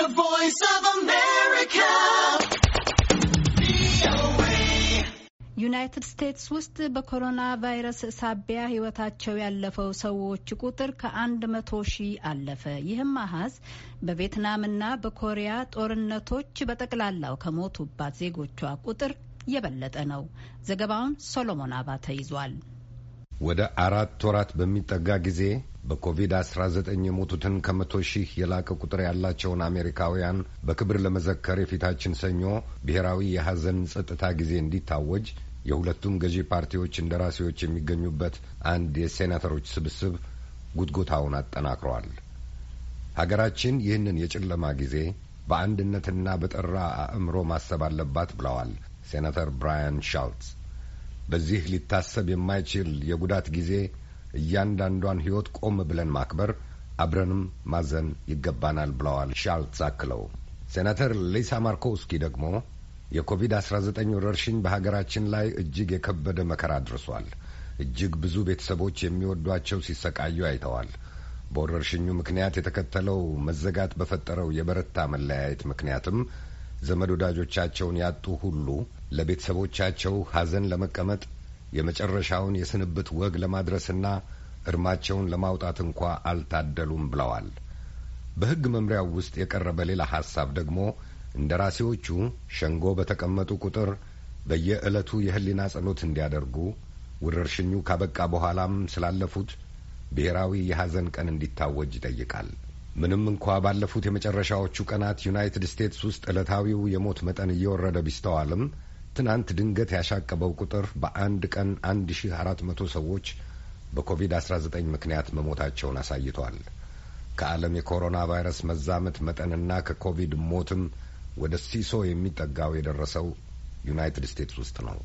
The Voice of America. ዩናይትድ ስቴትስ ውስጥ በኮሮና ቫይረስ ሳቢያ ሕይወታቸው ያለፈው ሰዎች ቁጥር ከአንድ መቶ ሺህ አለፈ። ይህም አሀዝ በቪየትናምና በኮሪያ ጦርነቶች በጠቅላላው ከሞቱባት ዜጎቿ ቁጥር የበለጠ ነው። ዘገባውን ሶሎሞን አባተ ይዟል። ወደ አራት ወራት በሚጠጋ ጊዜ በኮቪድ-19 የሞቱትን ከመቶ ሺህ የላቀ ቁጥር ያላቸውን አሜሪካውያን በክብር ለመዘከር የፊታችን ሰኞ ብሔራዊ የሐዘን ጸጥታ ጊዜ እንዲታወጅ የሁለቱም ገዢ ፓርቲዎች እንደራሴዎች የሚገኙበት አንድ የሴናተሮች ስብስብ ጉትጎታውን አጠናክረዋል። ሀገራችን ይህንን የጨለማ ጊዜ በአንድነትና በጠራ አእምሮ ማሰብ አለባት ብለዋል ሴናተር ብራያን ሻልትስ። በዚህ ሊታሰብ የማይችል የጉዳት ጊዜ እያንዳንዷን ሕይወት ቆም ብለን ማክበር አብረንም ማዘን ይገባናል ብለዋል ሻልትስ አክለው። ሴናተር ሊሳ ማርኮውስኪ ደግሞ የኮቪድ-19 ወረርሽኝ በሀገራችን ላይ እጅግ የከበደ መከራ አድርሷል። እጅግ ብዙ ቤተሰቦች የሚወዷቸው ሲሰቃዩ አይተዋል። በወረርሽኙ ምክንያት የተከተለው መዘጋት በፈጠረው የበረታ መለያየት ምክንያትም ዘመድ ወዳጆቻቸውን ያጡ ሁሉ ለቤተሰቦቻቸው ሐዘን ለመቀመጥ የመጨረሻውን የስንብት ወግ ለማድረስና እርማቸውን ለማውጣት እንኳ አልታደሉም ብለዋል። በሕግ መምሪያው ውስጥ የቀረበ ሌላ ሐሳብ ደግሞ እንደራሴዎቹ ሸንጎ በተቀመጡ ቁጥር በየዕለቱ የህሊና ጸሎት እንዲያደርጉ ወረርሽኙ ካበቃ በኋላም ስላለፉት ብሔራዊ የሐዘን ቀን እንዲታወጅ ይጠይቃል። ምንም እንኳ ባለፉት የመጨረሻዎቹ ቀናት ዩናይትድ ስቴትስ ውስጥ ዕለታዊው የሞት መጠን እየወረደ ቢስተዋልም ትናንት ድንገት ያሻቀበው ቁጥር በአንድ ቀን 1400 ሰዎች በኮቪድ-19 ምክንያት መሞታቸውን አሳይቷል። ከዓለም የኮሮና ቫይረስ መዛመት መጠንና ከኮቪድ ሞትም ወደ ሲሶ የሚጠጋው የደረሰው ዩናይትድ ስቴትስ ውስጥ ነው።